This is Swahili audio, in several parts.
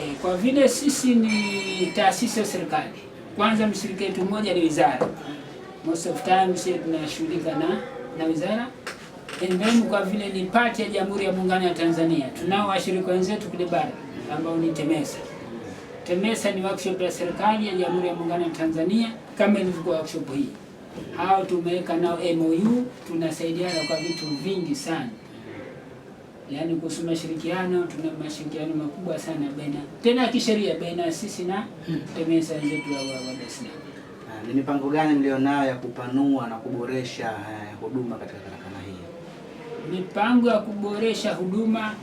E, kwa vile sisi ni taasisi ya serikali, kwanza mshirika wetu mmoja ni wizara. Most of time sisi tunashughulika na na wizara and then kwa vile ni pati ya Jamhuri ya Muungano ya Tanzania, tunao washirika wenzetu kule bara ambao ni TEMESA. TEMESA ni workshop ya serikali ya Jamhuri ya Muungano ya Tanzania kama ilivyokuwa workshop hii. Hao tumeweka nao MOU, tunasaidiana kwa vitu vingi sana yani kuhusu mashirikiano, tuna mashirikiano makubwa sana baina tena ya kisheria baina sisi na TEMESA wenzetu wa Dar es Salaam. Ah, ni mipango gani mlionayo ya kupanua na kuboresha eh, huduma katika karakana hii? Mipango ya kuboresha huduma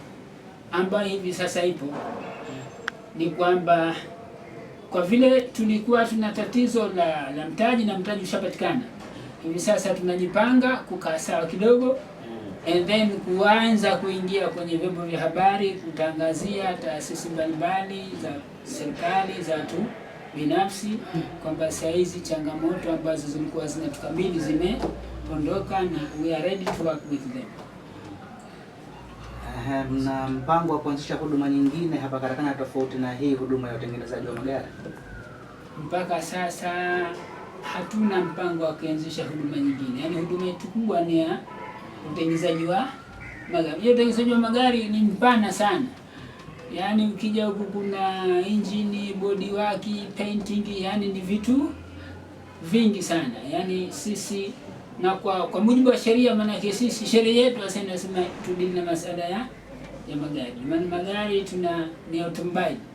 ambayo hivi sasa ipo ni kwamba kwa vile tulikuwa tuna tatizo la, la mtaji na mtaji ushapatikana, hivi sasa tunajipanga kukaa sawa kidogo and then kuanza kuingia kwenye vyombo vya habari kutangazia taasisi mbalimbali za serikali za tu binafsi kwamba saa hizi changamoto ambazo zilikuwa zinatukabili zimeondoka na we are ready to work with them. Mna mpango wa kuanzisha huduma nyingine hapa karakana tofauti na hii huduma ya utengenezaji wa magari? Mpaka sasa hatuna mpango wa kuanzisha huduma nyingine, yaani huduma yetu kubwa ni ya utengenezaji wa magari. Utengenezaji wa magari ni mpana sana, yaani ukija huku kuna injini, body work, painting, yaani ni vitu vingi sana, yaani sisi na kwa kwa mujibu wa sheria, maanake sisi sheria yetu hasa inasema tudili na masuala ya ya magari, maana magari tuna ni automobile